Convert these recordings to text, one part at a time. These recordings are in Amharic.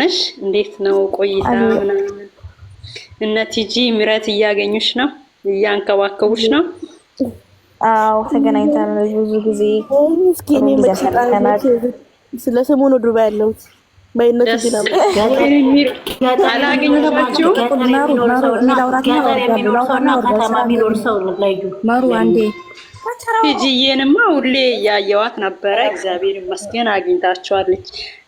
ነሽ እንዴት ነው ቆይታ ምናምን? እነ ቲጂ ምረት እያገኙሽ ነው? እያንከባከቡሽ ነው? አዎ ተገናኝተናል ብዙ ጊዜ ስለ ሰሞኑ ዱባይ ያለሁት በይነት ጂጂዬንማ ሁሌ እያየዋት ነበረ። እግዚአብሔር ይመስገን አግኝታቸዋለች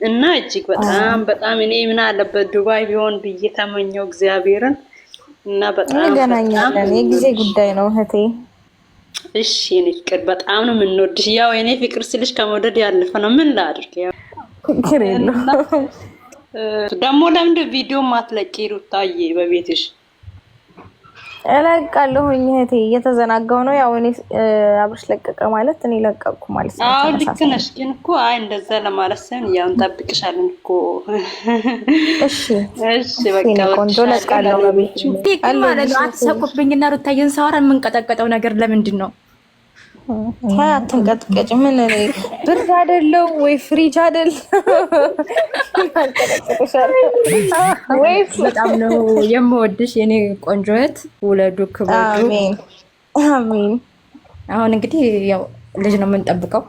እና እጅግ በጣም በጣም እኔ ምን አለበት ዱባይ ቢሆን ብዬ ተመኘው እግዚአብሔርን እና በጣም እንገናኛለን። የጊዜ ጉዳይ ነው እህቴ። እሺ እኔ በጣም ነው የምንወድሽ። ያው እኔ ፍቅር ስልሽ ከመውደድ ያለፈ ነው። ምን ላድርግ? ያው ደግሞ ለምንድን ቪዲዮ ማትለቂ ሩታዬ በቤትሽ እለቃለሁኝ እህቴ፣ እየተዘናጋው ነው ያው። እኔ አብርሽ ለቀቀ ማለት እኔ ለቀቅኩ ማለት ነው። አዎ ልክ ነሽ፣ ግን እኮ አይ እንደዛ ለማለት ሳይሆን ያው እንጠብቅሻለን እኮ። እሺ እሺ፣ በቃ ቆንጆ ለቃለሁ። ቤት ግን ማለት አትሰቁብኝና ሩታዬን ሳወራ የምንቀጠቀጠው ነገር ለምንድን ነው? አትንቀጥቀጭ። ምን ብር አይደለው ወይ ፍሪጅ አይደል? በጣም ነው የምወድሽ የኔ ቆንጆ እህት። ውለዱ፣ ክበዱ። አሜን። አሁን እንግዲህ ያው ልጅ ነው የምንጠብቀው።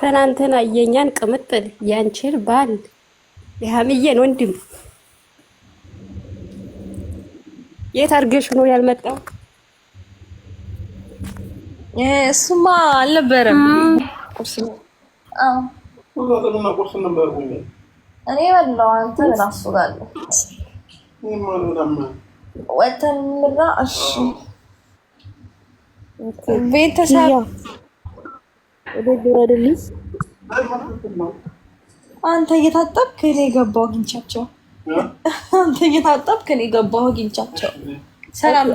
ትናንትና የኛን ቅምጥል ያንቺን ባል የሀምዬን ወንድም የት አድርገሽ ነው ያልመጣው? እሱማ አልነበረም። እኔ በላሁ። አንተ እራሱ ጋር ወተን እሺ ቤተሰብ አንተ እየታጠብክ እኔ ገባሁ አግኝቻቸው። አንተ እየታጠብክ እኔ ገባሁ አግኝቻቸው። ሰላም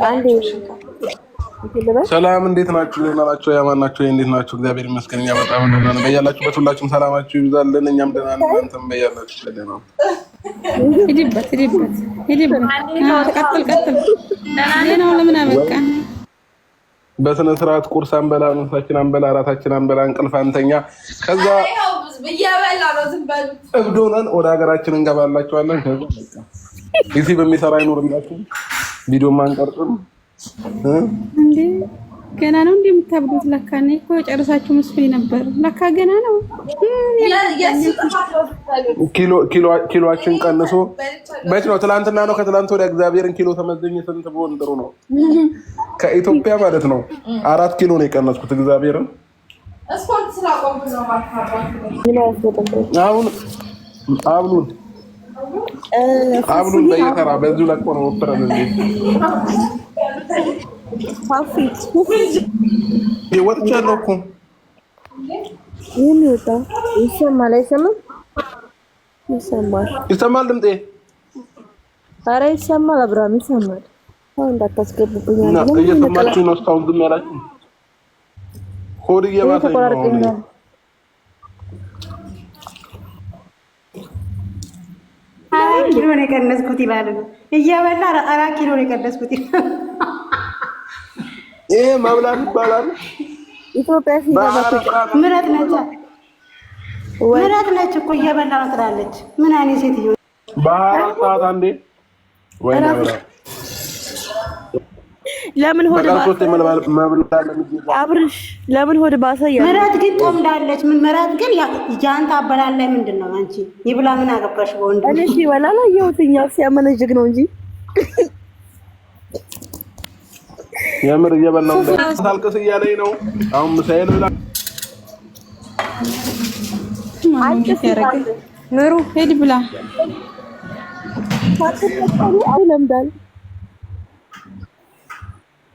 ሰላም እንዴት ናችሁ? ደህና ናቸው። ያማን ናቸው። እንዴት ናቸው? እግዚአብሔር ይመስገን እኛ በጣም ደህና ነን። በያላችሁበት ሁላችሁም ሰላማችሁ ይብዛልን። እኛም ደህና ነን። እናንተም በያላችሁበት ደህና ነው። በስነ ስርዓት ቁርስ አንበላ፣ ምሳችን አንበላ፣ እራታችን አንበላ፣ እንቅልፍ አንተኛ። ከዛ እብድ ሆነን ወደ ሀገራችን እንገባላችኋለን። ከዛ ዲሲ በሚሰራ አይኖርላችሁ ቪዲዮ አንቀርጽም። እንዴ ገና ነው እንዴ የምታብዱት? ለካ እኔ እኮ ጨርሳችሁ መስሎኝ ነበር። ለካ ገና ነው። ኪሎችን ቀንሶ መች ነው? ትላንትና ነው ከትላንት ወደ እግዚአብሔርን ኪሎ ተመዘኝ። ስንት ብሆን ጥሩ ነው? ከኢትዮጵያ ማለት ነው አራት ኪሎ ነው የቀነስኩት። እግዚአብሔርን አሁን አብሉን አብሉን በየተራ በዚሁ ለቆ ነው ወፍረን እንዴ ወጥቻለሁ እኮ የሚወጣው ይሰማል አይሰማም? ይሰማል። ይሰማል ድምጤ? ኧረ ይሰማል፣ አብርሃም ይሰማል። አሁን እንዳታስገቡብኝ አለ። እየሰማችሁ ነው? እስካሁን ዝም ያላችሁ ሆድ እየባሰኝ ነው። ሆድ የቀነስኩት ይባላል እየበላ አራት ኪሎ ነው የቀነስኩት። ይሄ መብላት ይባላል። ኢትዮጵያ ምረት ነች ምረት ነች እኮ እየበላ ነው ትላለች። ምን አይነት ሴትዮ በአራት ሰዓት አንዴ ወይ ነው ለምን ሆድ አብርሽ ለምን ሆድ ባሰ? ምራት ግን ጦምዳለች። ምን ምራት ግን ጃንታ አበላል ላይ ምንድን ነው አንቺ ይብላ ምን አገባሽ? በወንድ እኔ ሲበላ ላየሁትኛ ሲያመነጅግ ነው እንጂ የምር እየበላሁ ታልቅስ እያለኝ ነው አሁን ምሳዬን ብላ ምሩ ሄድ ብላ ለምዳል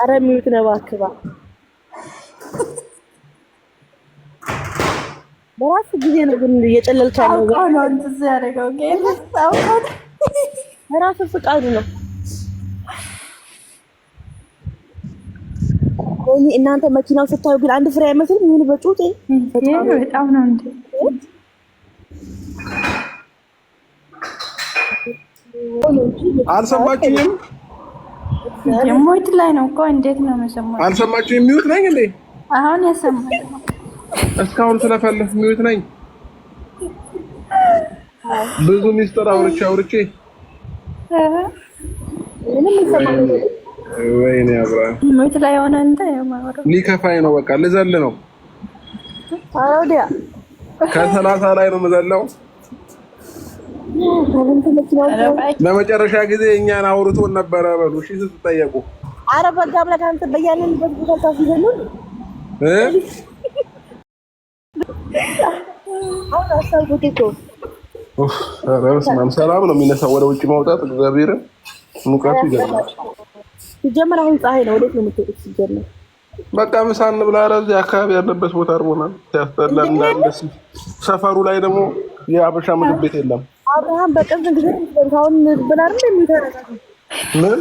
አረ ሚዩት ነው እባክህ በራሱ ጊዜ ነው ግን እየጨለልክ ያለው በራሱ ፍቃዱ ነው። እናንተ መኪናው ስታዩ ግን አንድ ፍሬ አይመስልም። ይሁን በጩጤ በጣም ነው እንዴ አልሰማችሁም? የሚውት ላይ ነው እኮ እንዴት ነው የምሰማው? አልሰማችሁም? የሚውት ነኝ እንዴ? አሁን የሰማሁት እስካሁን ስለፈለፍ የሚውት ነኝ። ብዙ ሚስጥር አውርቼ አውርቼ ወይኔ አብራ ሚውት ላይ ሆነ እንደ ሊከፋኝ ነው። በቃ ልዘል ነው። ከሰላሳ ላይ ነው የምዘለው። ለመጨረሻ ጊዜ እኛን አውርቶን ነበረ። በሉ እሺ ስትጠየቁ አረ በጋ አምላክ አንተ በያለንበት ቦታ ታስይዘሉን እ አሁን አሳልኩት እኮ ኧረ በስመ አብ ሰላም ነው የሚነሳው። ወደ ውጭ ማውጣት እግዚአብሔርን ሙቀቱ ይገርማል። ሲጀመር አሁን ፀሐይ ነው። ወዴት ነው የምትወጡት ሲጀመር? በቃ ምሳ እንብላ። ኧረ እዚህ አካባቢ ያለበት ቦታ አርቦናል፣ ሲያስጠላ እንዳንደስ። ሰፈሩ ላይ ደግሞ የአበሻ ምግብ ቤት የለም። አብርሃም በቅርብ ጊዜ ሁን ብላ ምን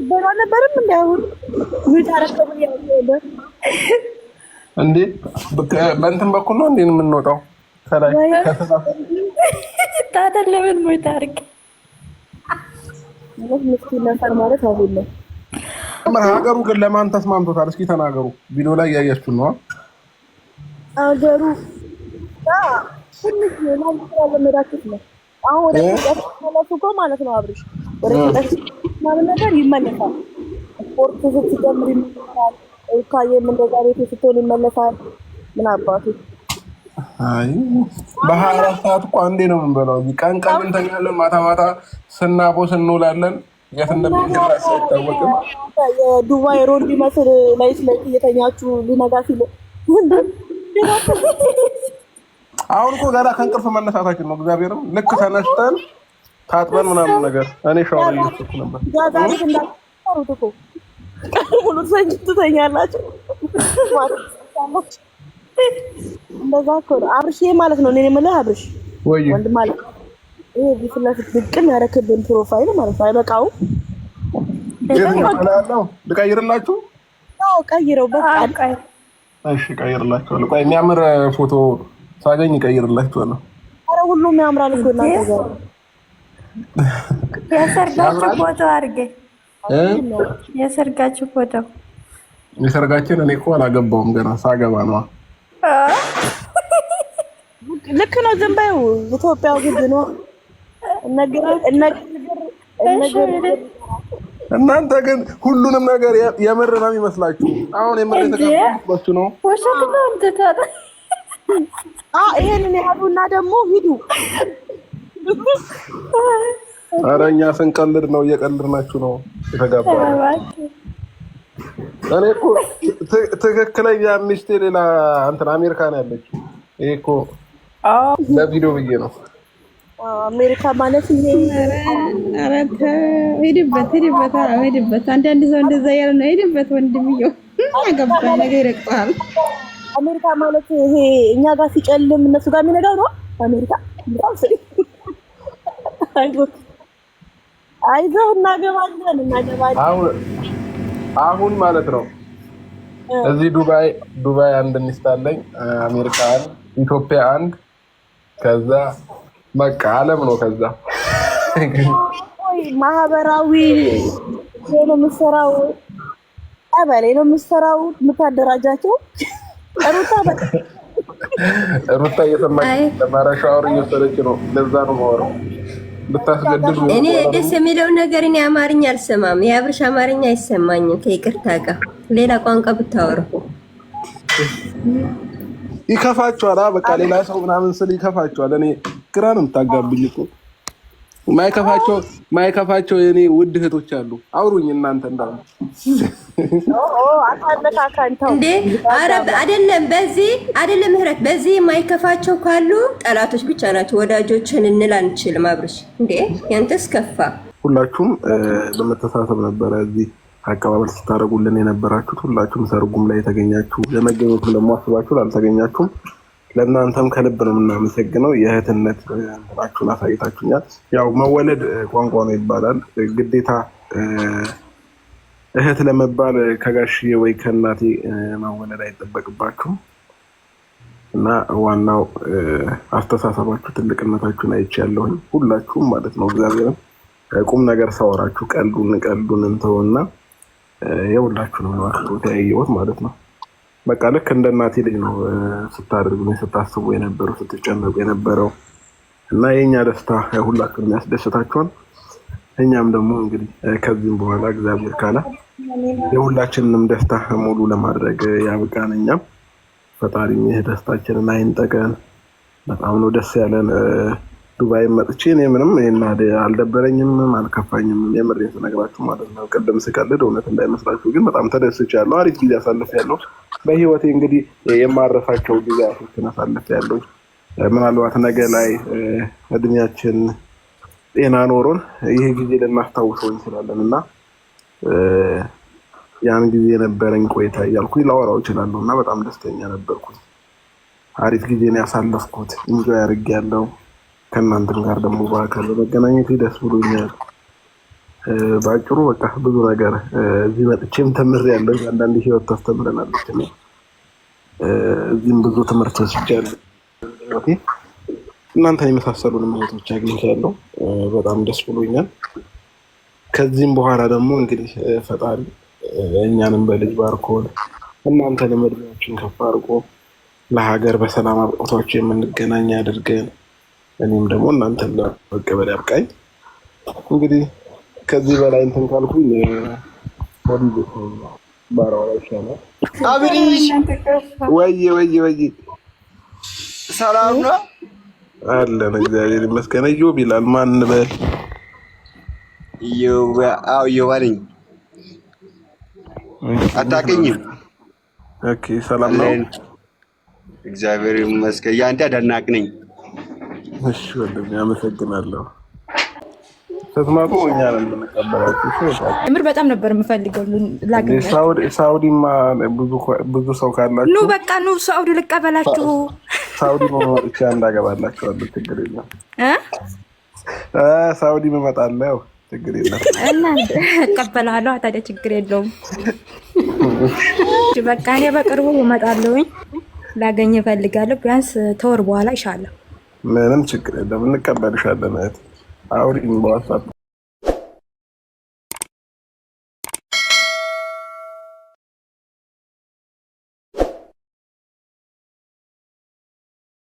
ይበላ ነበርም እንዲሁን ታረከቡ እንዴ በእንትን በኩል ነው እንዴ የምንወጣው? ከላይ ታተለምን ሞይታርቅ ምስኪን ነፈር ማለት አሁን ነው ሀገሩ ግን ለማን ተስማምቶታል? እስኪ ተናገሩ። ቪዲዮ ላይ እያያችሁ ነዋ። ሀገሩ ነው። ማለት ነው ምናምን ነገር ይመለሳል። ስፖርት ስትጀምር ይመለሳል። እንደዛ ቤት ስትሆን ይመለሳል። ምን አባቱ በሀያ አራት ሰዓት እኮ አንዴ ነው የምንበላው። ቀን ቀን እንተኛለን፣ ማታ ማታ ስናቦ ስንውላለን። የት እንደሚደርስ አይታወቅም። የዱባይ ሮድ ቢመስል ላይት ላይ እየተኛችሁ ሊነጋ ሲል አሁን እኮ ገና ከእንቅልፍ መነሳታችን ነው። እግዚአብሔርም ልክ ተነስተን ታጥበን ምናምን ነገር እኔ ሻወር እየወሰድኩ ነበር። ሙሉ ትተኛላችሁ እንደዛ እኮ ነው አብርሽ ማለት ነው። እኔ የምልህ አብርሽ ወንድም ማለት ነው ይሄ ፊት ለፊት ብቅል ያደረክብን ፕሮፋይል ማለት ነው። አይበቃውም? ልቀይርላችሁ? አዎ ቀይረው፣ በቃ እሺ፣ ቀይርላችኋለሁ። ቆይ የሚያምር ፎቶ ሳገኝ ቀይርላችኋለሁ። ኧረ ሁሉም ያምራል እኮ እናንተ ጋር የሰርጋችሁ ፎቶ አድርጌ የሰርጋችሁ ፎቶ የሰርጋችን። እኔ እኮ አላገባውም ገና፣ ሳገባ ነዋ። ልክ ነው። ዝም በይው። ኢትዮጵያ ግድ ነው። እናንተ ግን ሁሉንም ነገር የምር ነው የሚመስላችሁ። አሁን የምር የተቀበላችሁ ነው። ይሄንን ያህሉና ደግሞ ሂዱ። ኧረ እኛ ስንቀልድ ነው፣ እየቀልድናችሁ ነው የተጋባ እኔ እኮ ትክክለኛ ሚስቴ ሌላ እንትን አሜሪካን ያለችው። ይሄ እኮ ለቪዲዮ ብዬ ነው። አሜሪካ ማለት ይሄ ሄድበት ሄድበት ሄድበት አንዳንድ ሰው እንደዛ ያለ ነው። ሄድበት ወንድምየው ያገባ ነገ ይረቅጠሃል። አሜሪካ ማለት ይሄ እኛ ጋር ሲጨልም እነሱ ጋር የሚነዳው ነው። አሜሪካ አይዞህ እናገባለን እናገባለን። አሁን ማለት ነው እዚህ ዱባይ ዱባይ አንድ ሚስት አለኝ። አሜሪካ አንድ፣ ኢትዮጵያ አንድ ከዛ በቃ አለም ነው። ከዛ ማህበራዊ ነው የምትሰራው፣ ቀበሌ ነው የምትሰራው፣ የምታደራጃቸው ሩታ ሩታ እየሰማኝ ለማረሻወር እየወሰደች ነው። ለዛ ነው ማወራው ብታስገድሉ። እኔ ደስ የሚለውን ነገር እኔ አማርኛ አልሰማም፣ የአብርሽ አማርኛ አይሰማኝም። ከይቅርታ ጋር ሌላ ቋንቋ ብታወሩ ይከፋችኋል። በቃ ሌላ ሰው ምናምን ስል ይከፋችኋል እኔ ግራ ነው የምታጋብኝ እኮ ማይከፋቸው ማይከፋቸው የኔ ውድ እህቶች አሉ። አውሩኝ እናንተ እንዳሉ እንዴ አረብ አይደለም፣ በዚህ አይደለም ምህረት፣ በዚህ ማይከፋቸው ካሉ ጠላቶች ብቻ ናቸው። ወዳጆችን እንል አንችልም። አብርሽ እንዴ ያንተስ ከፋ። ሁላችሁም በመተሳሰብ ነበረ እዚህ አቀባበል ስታደርጉልን የነበራችሁት። ሁላችሁም ሰርጉም ላይ የተገኛችሁ፣ ለመገኘቱ ለማስባችሁ አስባችሁ ላልተገኛችሁም ለእናንተም ከልብ ነው የምናመሰግነው። የእህትነት እንትናችሁን አሳይታችሁኛል። ያው መወለድ ቋንቋ ነው ይባላል። ግዴታ እህት ለመባል ከጋሽዬ ወይ ከእናቴ መወለድ አይጠበቅባችሁም እና ዋናው አስተሳሰባችሁ ትልቅነታችሁን አይቻለሁኝ። ሁላችሁም ማለት ነው። እግዚአብሔርም ቁም ነገር ሳወራችሁ ቀልዱን ቀልዱን እንተውና የሁላችሁ ነው አክብሮት ያየሁት ማለት ነው። በቃ ልክ እንደ እናቴ ልጅ ነው ስታደርግ ስታስቡ የነበረው ስትጨነቁ የነበረው እና የእኛ ደስታ ሁላችሁንም ያስደስታችኋል። እኛም ደግሞ እንግዲህ ከዚህም በኋላ እግዚአብሔር ካለ የሁላችንንም ደስታ ሙሉ ለማድረግ ያብቃን። እኛም ፈጣሪ ይህ ደስታችንን አይንጠቀን። በጣም ነው ደስ ያለን። ዱባይ መጥቼ እኔ ምንም ይሄን አልደበረኝም አልከፋኝም። የምሬን ስነግራችሁ ማለት ነው። ቅድም ስቀልድ እውነት እንዳይመስላችሁ፣ ግን በጣም ተደስቻለሁ። አሪፍ ጊዜ አሳልፌያለሁ። በህይወቴ እንግዲህ የማረሳቸው ጊዜያቶችን አሳልፌያለሁ። ምናልባት ነገ ላይ እድሜያችን ጤና ኖሮን ይህ ጊዜ ልናስታውሰው እንችላለን እና ያን ጊዜ የነበረኝ ቆይታ እያልኩ ላወራው እችላለሁ እና በጣም ደስተኛ ነበርኩኝ። አሪፍ ጊዜን ያሳለፍኩት እንጆ ያርግ ያለው ከእናንተም ጋር ደግሞ በአካል በመገናኘት ደስ ብሎኛል። በአጭሩ በቃ ብዙ ነገር እዚህ መጥቼም ተምሬያለሁ። አንዳንድ ህይወት ታስተምረናለች እዚህም ብዙ ትምህርት ወስጃለሁ። እናንተን የመሳሰሉንም እህቶች አግኝቻለሁ። በጣም ደስ ብሎኛል። ከዚህም በኋላ ደግሞ እንግዲህ ፈጣሪ እኛንም በልጅ ባርኮን እናንተንም እድሜያችን ከፍ አድርጎ ለሀገር በሰላም አብቅቷቸው የምንገናኝ አድርገን እኔም ደግሞ እናንተ ለመቀበል ያብቃኝ። እንግዲህ ከዚህ በላይ እንትን ካልኩኝ ወንድ ወይዬ ወይዬ ወይ ሰላም ነው አለን። እግዚአብሔር ይመስገን። እዮብ ይላል ማን በል እዮብ አለኝ። አታውቅኝም? ኦኬ ሰላም ነው። እግዚአብሔር ይመስገን። ያንተ አዳናቅ ነኝ እሺ ወንድሜ አመሰግናለሁ። ስትመጡ እኛ ነን የምንቀበላችሁ። ምር በጣም ነበር የምፈልገው ሳውዲማ ብዙ ሰው ካላችሁ ኑ በቃ ኑ ሳውዲ ልቀበላችሁ። ሳውዲ መመጥቻ እንዳገባላችኋለሁ። ችግር የለም ሳውዲ መመጣለው። ችግር የለም እናንተ እቀበላለሁ። ታዲያ ችግር የለውም። በቃ እኔ በቅርቡ እመጣለሁኝ እፈልጋለሁ። ቢያንስ ተወር በኋላ ይሻለሁ ምንም ችግር የለም፣ እንቀበልሻለን። እህት አውሪኝ በዋትሳፕ